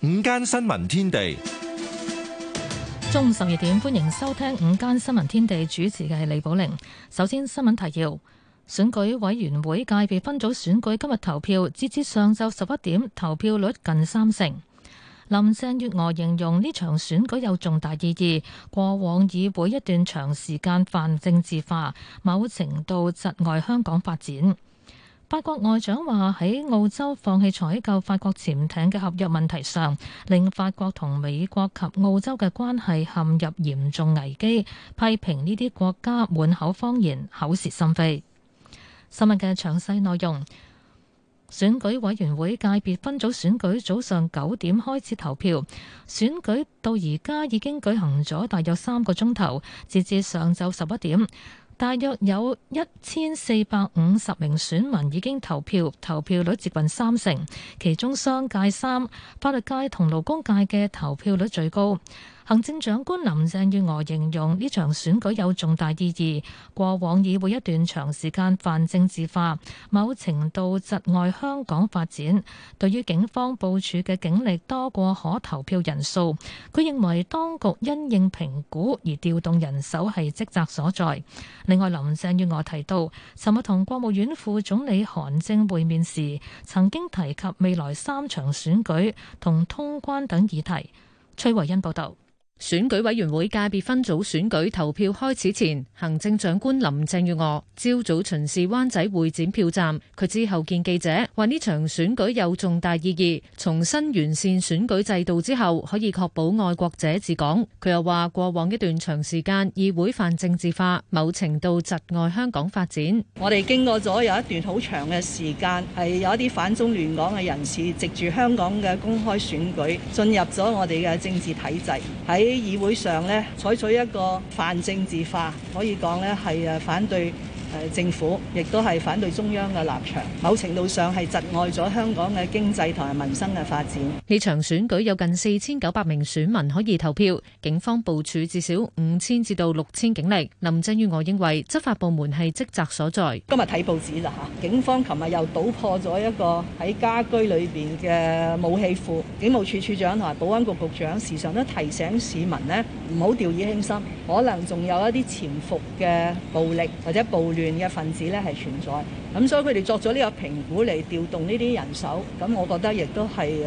午間新聞天地，中午十二點，歡迎收聽午間新聞天地，主持嘅係李寶玲。首先，新聞提要：選舉委員會界別分組選舉今日投票，截至上晝十一點，投票率近三成。林鄭月娥形容呢場選舉有重大意義，過往議會一段長時間泛政治化，某程度窒礙香港發展。法國外長話喺澳洲放棄採購法國潛艇嘅合約問題上，令法國同美國及澳洲嘅關係陷入嚴重危機，批評呢啲國家滿口謊言，口是心非。新聞嘅詳細內容，選舉委員會界別分組選舉早上九點開始投票，選舉到而家已經舉行咗大約三個鐘頭，截至上晝十一點。大約有一千四百五十名選民已經投票，投票率接近三成，其中商界、三法律界同勞工界嘅投票率最高。行政長官林鄭月娥形容呢場選舉有重大意義，過往議會一段長時間泛政治化，某程度窒礙香港發展。對於警方部署嘅警力多過可投票人數，佢認為當局因應評估而調動人手係職責所在。另外，林鄭月娥提到，尋日同國務院副總理韓正會面時，曾經提及未來三場選舉同通關等議題。崔惠恩報導。選舉委員會界別分組選舉投票開始前，行政長官林鄭月娥朝早巡視灣仔會展票站。佢之後見記者，話呢場選舉有重大意義，重新完善選舉制度之後，可以確保愛國者治港。佢又話過往一段長時間，議會泛政治化，某程度窒礙香港發展。我哋經過咗有一段好長嘅時間，係有一啲反中亂港嘅人士藉住香港嘅公開選舉，進入咗我哋嘅政治體制喺。喺議會上咧，採取一個泛政治化，可以講咧係誒反對。政府亦都係反對中央嘅立場，某程度上係窒礙咗香港嘅經濟同埋民生嘅發展。呢場選舉有近四千九百名選民可以投票，警方部署至少五千至到六千警力。林鄭月娥認為執法部門係職責所在。今日睇報紙啦嚇，警方琴日又搗破咗一個喺家居裏邊嘅武器庫。警務處處長同埋保安局局長時常都提醒市民呢，唔好掉以輕心，可能仲有一啲潛伏嘅暴力或者暴亂。源嘅分子咧，係存在。咁所以佢哋作咗呢個評估嚟調動呢啲人手，咁我覺得亦都係誒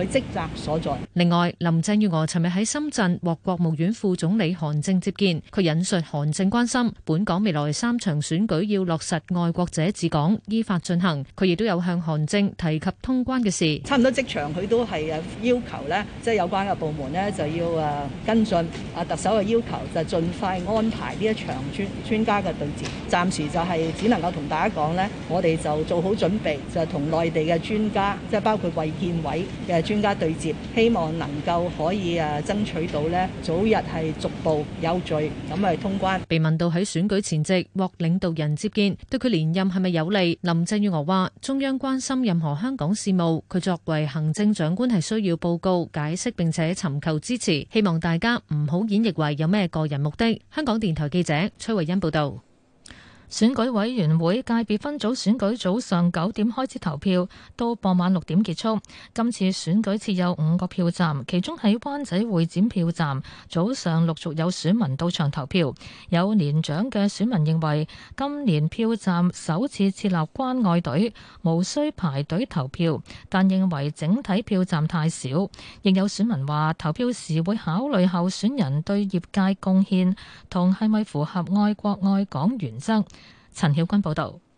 佢職責所在。另外，林鄭月娥尋日喺深圳獲國務院副總理韓正接見，佢引述韓正關心本港未來三場選舉要落實愛國者治港、依法進行。佢亦都有向韓正提及通關嘅事。差唔多即場佢都係誒要求咧，即係有關嘅部門咧就要誒跟進啊，特首嘅要求就盡快安排呢一場專專家嘅對接。暫時就係只能夠同大家講。我哋就做好準備，就同內地嘅專家，即係包括衛健委嘅專家對接，希望能夠可以誒爭取到咧，早日係逐步有序咁誒通關。被問到喺選舉前夕獲領導人接見，對佢連任係咪有利？林鄭月娥話：中央關心任何香港事務，佢作為行政長官係需要報告、解釋並且尋求支持，希望大家唔好演繹為有咩個人目的。香港電台記者崔慧欣報道。選舉委員會界別分組選舉早上九點開始投票，到傍晚六點結束。今次選舉設有五個票站，其中喺灣仔會展票站早上陸續有選民到場投票。有年長嘅選民認為今年票站首次設立關愛隊，無需排隊投票，但認為整體票站太少。亦有選民話投票時會考慮候選人對業界貢獻，同係咪符合愛國愛港原則。陳曉君報道。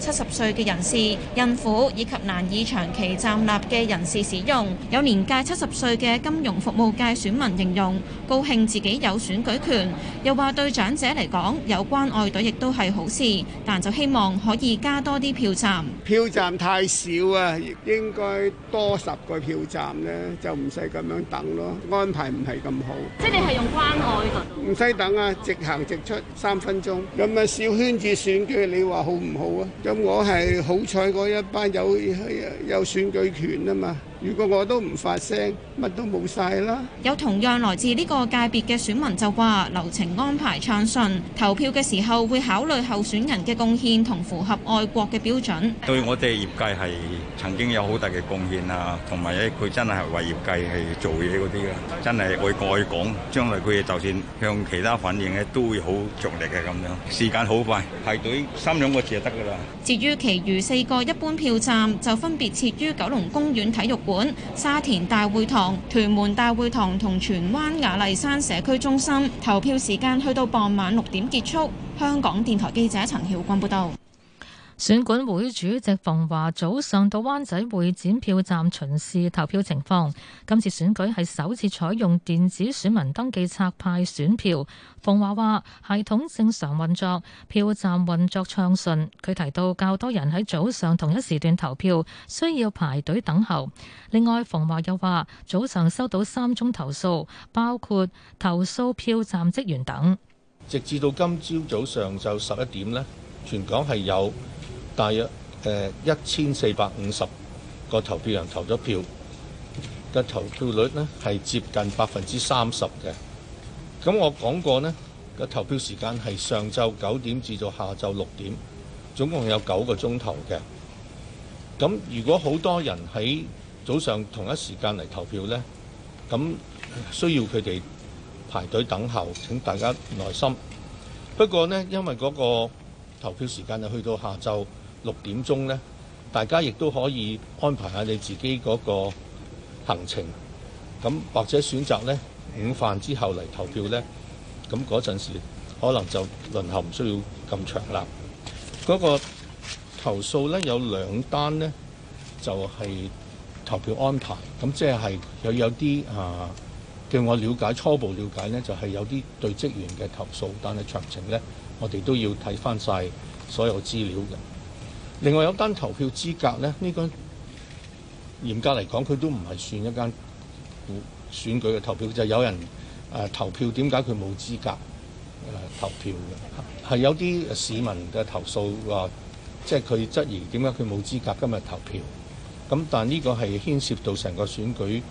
七十歲嘅人士、孕婦以及難以長期站立嘅人士使用。有年屆七十歲嘅金融服務界選民形容高興自己有選舉權，又話對長者嚟講有關愛隊亦都係好事，但就希望可以加多啲票站。票站太少啊，應該多十個票站呢，就唔使咁樣等咯。安排唔係咁好。即係你係用關愛噶？唔使等啊，直行直出，三分鐘。咁啊，小圈子選舉，你話好唔好啊？咁我係好彩，我一班有有選舉權啊嘛。如果我都唔發聲，乜都冇晒啦。有同樣來自呢個界別嘅選民就話流程安排暢順，投票嘅時候會考慮候選人嘅貢獻同符合愛國嘅標準，對我哋業界係曾經有好大嘅貢獻啊，同埋咧佢真係為業界係做嘢嗰啲啊，真係愛國愛港。將來佢就算向其他反映咧，都會好着力嘅。咁樣時間好快，排隊三兩個字就得噶啦。至於其餘四個一般票站，就分別設於九龍公園體育。本沙田大會堂、屯門大會堂同荃灣雅麗山社區中心，投票時間去到傍晚六點結束。香港電台記者陳曉君報道。選管會主席馮華早上到灣仔會展票站巡視投票情況。今次選舉係首次採用電子選民登記冊派選票。馮華話：系統正常運作，票站運作暢順。佢提到較多人喺早上同一時段投票，需要排隊等候。另外，馮華又話早上收到三宗投訴，包括投訴票站職員等。直至到今朝早上就十一點呢全港係有。大約誒一千四百五十個投票人投咗票，個投票率呢係接近百分之三十嘅。咁我講過呢個投票時間係上晝九點至到下晝六點，總共有九個鐘頭嘅。咁如果好多人喺早上同一時間嚟投票呢，咁需要佢哋排隊等候。請大家耐心。不過呢，因為嗰個投票時間就去到下晝。六點鐘咧，大家亦都可以安排下你自己嗰個行程。咁或者選擇咧，午飯之後嚟投票咧。咁嗰陣時可能就輪候唔需要咁長啦。嗰個投訴咧有兩單咧，就係投票安排。咁即係有有啲啊，據我瞭解初步瞭解咧，就係有啲對職員嘅投訴，但係詳情咧，我哋都要睇翻晒所有資料嘅。另外有單投票資格咧，呢個嚴格嚟講，佢都唔係算一間選舉嘅投票。就有人誒，投票點解佢冇資格投票嘅？係有啲市民嘅投訴話，即係佢質疑點解佢冇資格今日投票咁，但呢個係牽涉到成個選舉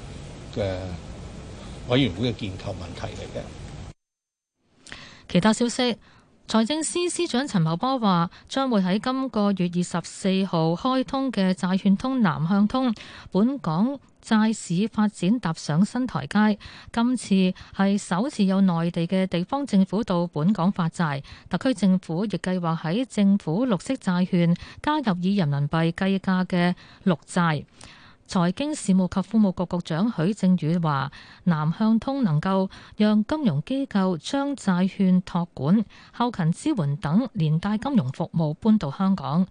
嘅委員會嘅建構問題嚟嘅。其他消息。財政司司長陳茂波話：將會喺今個月二十四號開通嘅債券通南向通，本港債市發展踏上新台階。今次係首次有內地嘅地方政府到本港發債，特區政府亦計劃喺政府綠色債券加入以人民幣計價嘅綠債。財經事務及庫務局局長許正宇話：南向通能夠讓金融機構將債券託管、後勤支援等連帶金融服務搬到香港。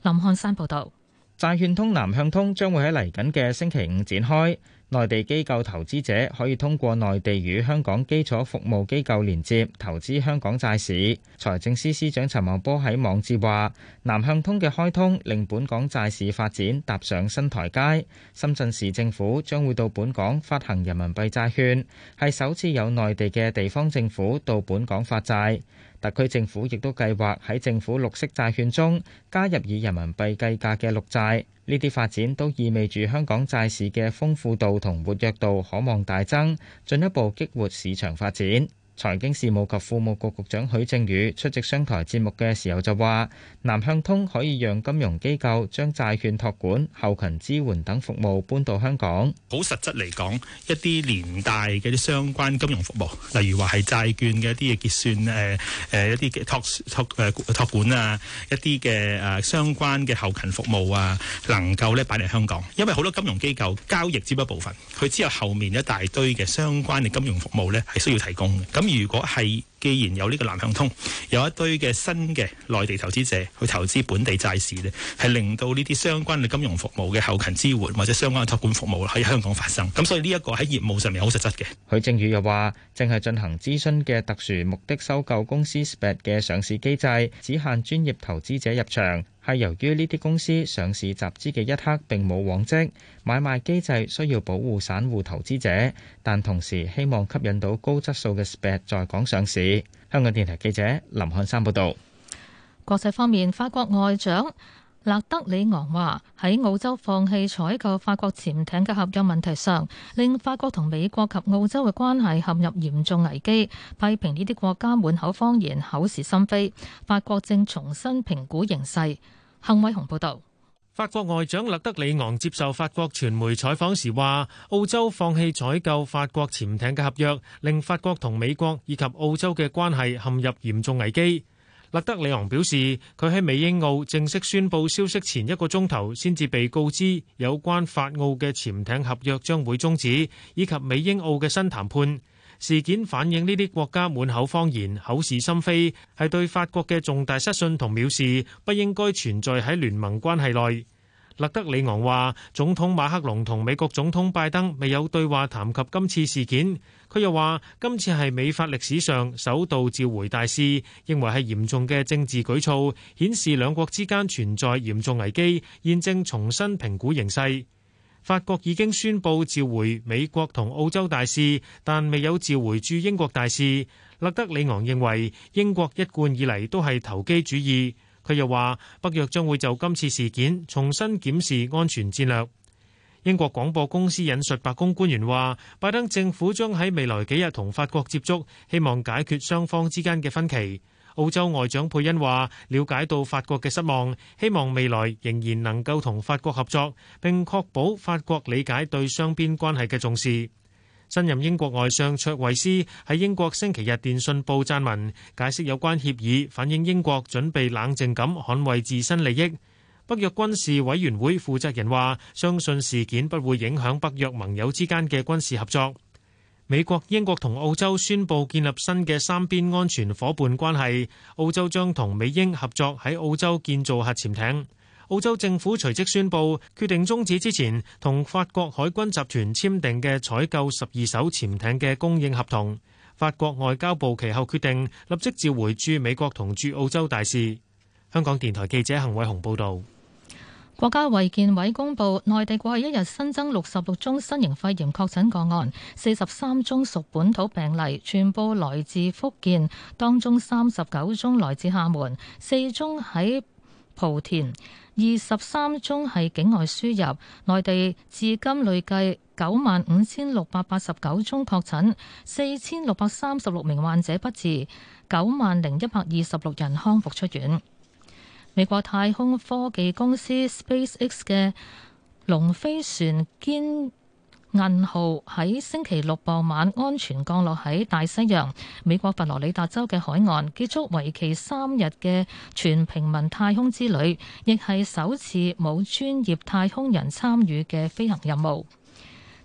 林漢山報道：債券通南向通將會喺嚟緊嘅星期五展開。內地機構投資者可以通過內地與香港基礎服務機構連接投資香港債市。財政司司長陳茂波喺網誌話：南向通嘅開通令本港債市發展踏上新台階。深圳市政府將會到本港發行人民幣債券，係首次有內地嘅地方政府到本港發債。特區政府亦都計劃喺政府綠色債券中加入以人民幣計價嘅綠債，呢啲發展都意味住香港債市嘅豐富度同活躍度可望大增，進一步激活市場發展。財經事務及庫務局局長許正宇出席商台節目嘅時候就話：南向通可以讓金融機構將債券託管、後勤支援等服務搬到香港。好實質嚟講，一啲連帶嘅啲相關金融服務，例如話係債券嘅一啲嘅結算、誒誒一啲嘅託託誒託管啊，一啲嘅誒相關嘅後勤服務啊，能夠咧擺嚟香港，因為好多金融機構交易只不過一部分，佢只有後面一大堆嘅相關嘅金融服務咧係需要提供嘅。咁如果係既然有呢個南向通，有一堆嘅新嘅內地投資者去投資本地債市咧，係令到呢啲相關嘅金融服務嘅後勤支援或者相關嘅託管服務喺香港發生。咁所以呢一個喺業務上面好實質嘅。許正宇又話，正係進行諮詢嘅特殊目的收購公司 SPAC 嘅上市機制，只限專業投資者入場。係由於呢啲公司上市集資嘅一刻並冇往績，買賣機制需要保護散戶投資者，但同時希望吸引到高質素嘅 SPAC 在港上市。香港電台記者林漢山報導。國際方面，法國外長。勒德里昂話：喺澳洲放棄採購法國潛艇嘅合約問題上，令法國同美國及澳洲嘅關係陷入嚴重危機，批評呢啲國家滿口謊言、口是心非。法國正重新評估形勢。幸偉雄報導，法國外長勒德里昂接受法國傳媒採訪時話：澳洲放棄採購法國潛艇嘅合約，令法國同美國以及澳洲嘅關係陷入嚴重危機。勒德里昂表示，佢喺美英澳正式宣布消息前一個鐘頭，先至被告知有關法澳嘅潛艇合約將會終止，以及美英澳嘅新談判事件，反映呢啲國家滿口謊言、口是心非，係對法國嘅重大失信同藐視，不應該存在喺聯盟關係內。勒德里昂話：總統馬克龍同美國總統拜登未有對話談及今次事件。佢又話：今次係美法歷史上首度召回大使，認為係嚴重嘅政治舉措，顯示兩國之間存在嚴重危機，現正重新評估形勢。法國已經宣布召回美國同澳洲大使，但未有召回駐英國大使。勒德里昂認為英國一貫以嚟都係投機主義。佢又話：北約將會就今次事件重新檢視安全戰略。英國廣播公司引述白宮官員話：拜登政府將喺未來幾日同法國接觸，希望解決雙方之間嘅分歧。澳洲外長佩恩話：了解到法國嘅失望，希望未來仍然能夠同法國合作，並確保法國理解對雙邊關係嘅重視。新任英國外相卓慧思喺英國星期日電訊報撰文解釋有關協議，反映英國準備冷靜咁捍衞自身利益。北約軍事委員會負責人話：相信事件不會影響北約盟友之間嘅軍事合作。美國、英國同澳洲宣布建立新嘅三邊安全伙伴關係。澳洲將同美英合作喺澳洲建造核潛艇。澳洲政府隨即宣布決定終止之前同法國海軍集團簽訂嘅採購十二艘潛艇嘅供應合同。法國外交部其後決定立即召回駐美國同駐澳洲大使。香港電台記者恆偉雄報道。國家衛健委公布，內地過去一日新增六十六宗新型肺炎確診個案，四十三宗屬本土病例，全部來自福建，當中三十九宗來自廈門，四宗喺莆田。二十三宗係境外輸入，內地至今累計九萬五千六百八十九宗確診，四千六百三十六名患者不治，九萬零一百二十六人康復出院。美國太空科技公司 SpaceX 嘅龍飛船兼銀號喺星期六傍晚安全降落喺大西洋美國佛羅里達州嘅海岸，結束為期三日嘅全平民太空之旅，亦係首次冇專業太空人參與嘅飛行任務。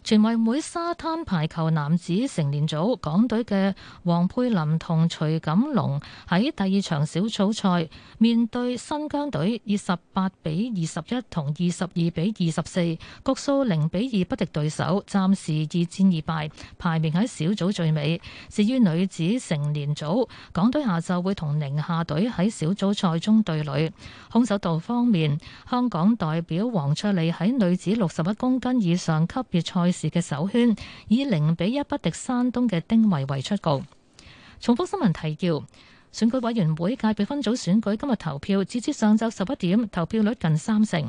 全運會沙灘排球男子成年組，港隊嘅黃佩林同徐錦龍喺第二場小組賽面對新疆隊，以十八比二十一同二十二比二十四，局數零比二不敵對手，暫時二戰二敗，排名喺小組最尾。至於女子成年組，港隊下晝會同寧夏隊喺小組賽中對壘。空手道方面，香港代表黃卓麗喺女子六十一公斤以上級別賽時嘅首圈以零比一不敵山東嘅丁偉為出局。重複新聞提要。選舉委員會界別分組選舉今日投票，截至上晝十一點，投票率近三成。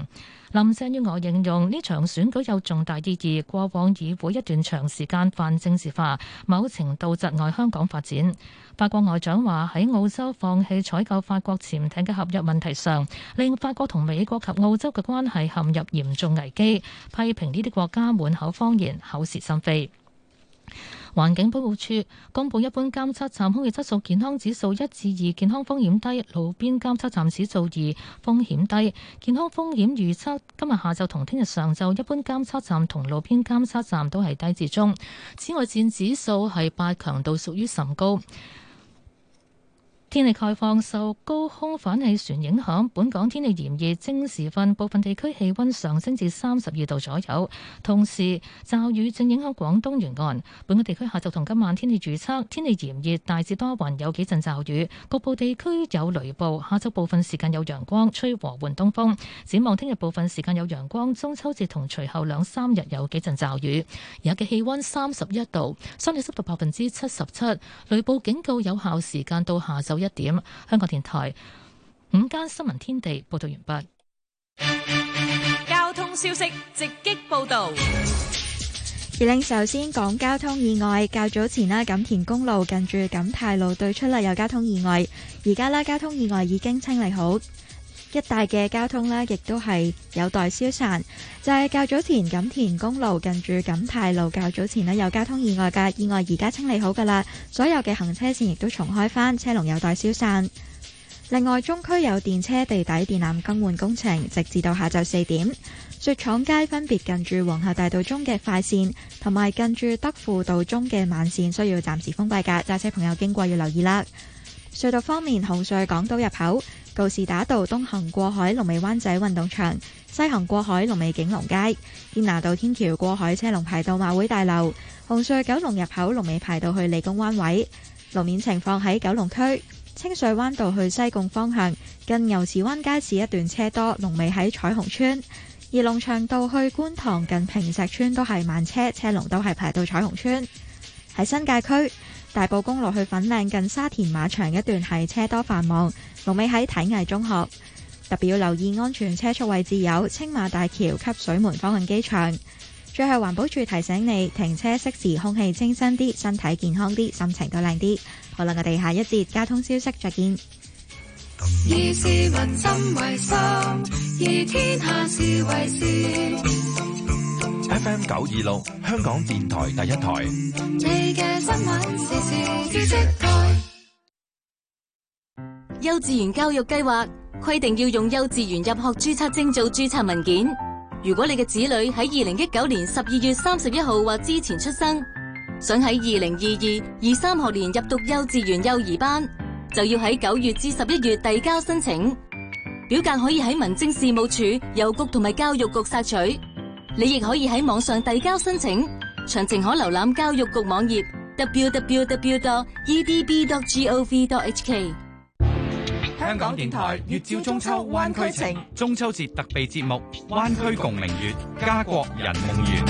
林鄭月娥形容呢場選舉有重大意義，過往議會一段長時間泛政治化，某程度窒礙香港發展。法國外長話喺澳洲放棄採購法國潛艇嘅合約問題上，令法國同美國及澳洲嘅關係陷入嚴重危機，批評呢啲國家滿口謊言，口是心非。環境保護署公布一般監測站空氣質素健康指數一至二，健康風險低；路邊監測站指數二，風險低。健康風險預測今日下晝同聽日上晝，一般監測站同路邊監測站都係低至中。紫外線指數係八，強度屬於甚高。天氣概況，受高空反氣旋影響，本港天氣炎熱，正時分部分地區氣溫上升至三十二度左右。同時，驟雨正影響廣東沿岸。本港地區下晝同今晚天氣預測，天氣炎熱，大致多雲，有幾陣驟雨，局部地區有雷暴。下晝部分時間有陽光，吹和緩東風。展望聽日部分時間有陽光，中秋節同隨後兩三日有幾陣驟雨。日嘅氣温三十一度，相對濕度百分之七十七，雷暴警告有效時間到下晝。一點，香港電台午間新聞天地報道完畢。交通消息直擊報道，而令首先講交通意外。較早前啦，錦田公路近住錦泰路對出啦有交通意外，而家啦交通意外已經清理好。一帶嘅交通呢，亦都係有待消散。就係較早前錦田公路近住錦泰路較早前呢，有交通意外嘅，意外而家清理好噶啦，所有嘅行車線亦都重開返，車龍有待消散。另外，中區有電車地底電纜更換工程，直至到下晝四點。雪廠街分別近住皇后大道中嘅快綫，同埋近住德輔道中嘅慢綫，需要暫時封閉噶，揸車朋友經過要留意啦。隧道方面，紅隧港島入口告士打道東行過海龍尾灣仔運動場，西行過海龍尾景隆街；堅拿道天橋過海車龍排到馬會大樓。紅隧九龍入口龍尾排到去理工灣位。路面情況，喺九龍區清水灣道去西貢方向，近牛池灣街市一段車多，龍尾喺彩虹村；而龍翔道去觀塘近坪石村都係慢車，車龍都係排到彩虹村。喺新界區。大埔公路去粉嶺近沙田馬場一段係車多繁忙，龍尾喺體藝中學。特別要留意安全車速位置有青馬大橋及水門方向機場。最後環保署提醒你，停車適時，空氣清新啲，身體健康啲，心情都靚啲。好啦，我哋下一節交通消息再見。以市民心為心，以天下事為先。F M 九二六。香港電台第一台。你嘅新聞。幼稚園教育計劃規定要用幼稚園入學注冊證做注冊文件。如果你嘅子女喺二零一九年十二月三十一號或之前出生，想喺二零二二二三學年入讀幼稚園幼兒班，就要喺九月至十一月遞交申請。表格可以喺民政事務處郵局同埋教育局索取。你亦可以喺網上遞交申請，詳情可瀏覽教育局網頁 www.edb.gov.hk。香港電台月照中秋，灣區情。中秋節特備節目《灣區共明月》，家國人夢圓。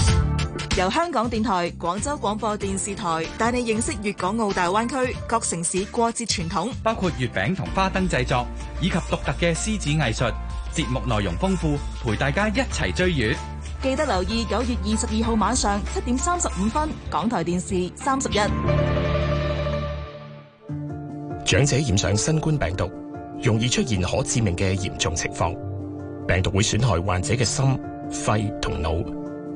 由香港電台、廣州廣播電視台帶你認識粵港澳大灣區各城市過節傳統，包括月餅同花燈製作以及獨特嘅獅子藝術。節目內容豐富，陪大家一齊追月。記得留意九月二十二號晚上七點三十五分，港台電視三十一。長者染上新冠病毒，容易出現可致命嘅嚴重情況。病毒會損害患者嘅心、肺同腦，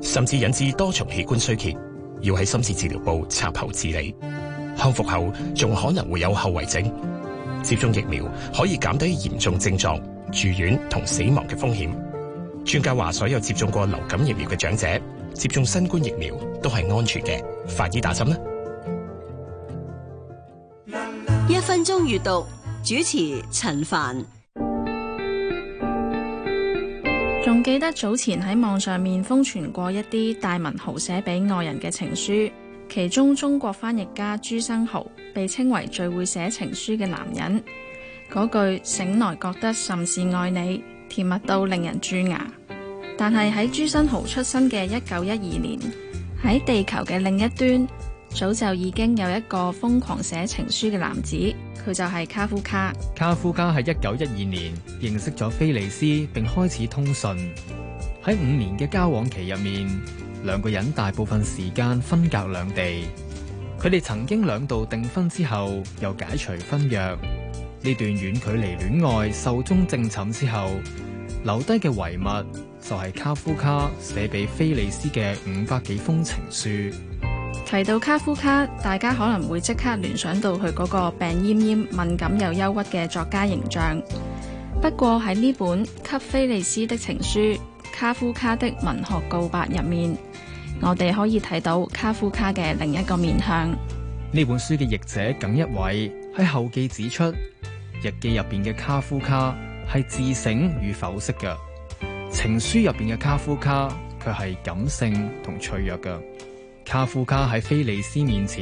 甚至引致多重器官衰竭，要喺深切治療部插喉治理。康復後仲可能會有後遺症。接種疫苗可以減低嚴重症狀、住院同死亡嘅風險。專家話：所有接種過流感疫苗嘅長者接種新冠疫苗都係安全嘅。快啲打針啦，一分鐘閱讀主持陳凡，仲記得早前喺網上面瘋傳過一啲大文豪寫俾愛人嘅情書，其中中國翻譯家朱生豪被稱為最會寫情書嘅男人，嗰句醒來覺得甚是愛你。甜蜜到令人蛀牙，但係喺朱生豪出生嘅一九一二年，喺地球嘅另一端，早就已經有一個瘋狂寫情書嘅男子，佢就係卡夫卡。卡夫卡喺一九一二年認識咗菲利斯，並開始通信。喺五年嘅交往期入面，兩個人大部分時間分隔兩地。佢哋曾經兩度訂婚之後，又解除婚約。呢段遠距離戀愛壽終正寢之後，留低嘅遺物就係卡夫卡寫俾菲利斯嘅五百幾封情書。提到卡夫卡，大家可能會即刻聯想到佢嗰個病奄奄、敏感又憂鬱嘅作家形象。不過喺呢本《給菲利斯的情書：卡夫卡的文學告白》入面，我哋可以睇到卡夫卡嘅另一個面向。呢本書嘅譯者耿一偉喺後記指出。日記入邊嘅卡夫卡係自省與剖析嘅，情書入邊嘅卡夫卡卻係感性同脆弱嘅。卡夫卡喺菲利斯面前。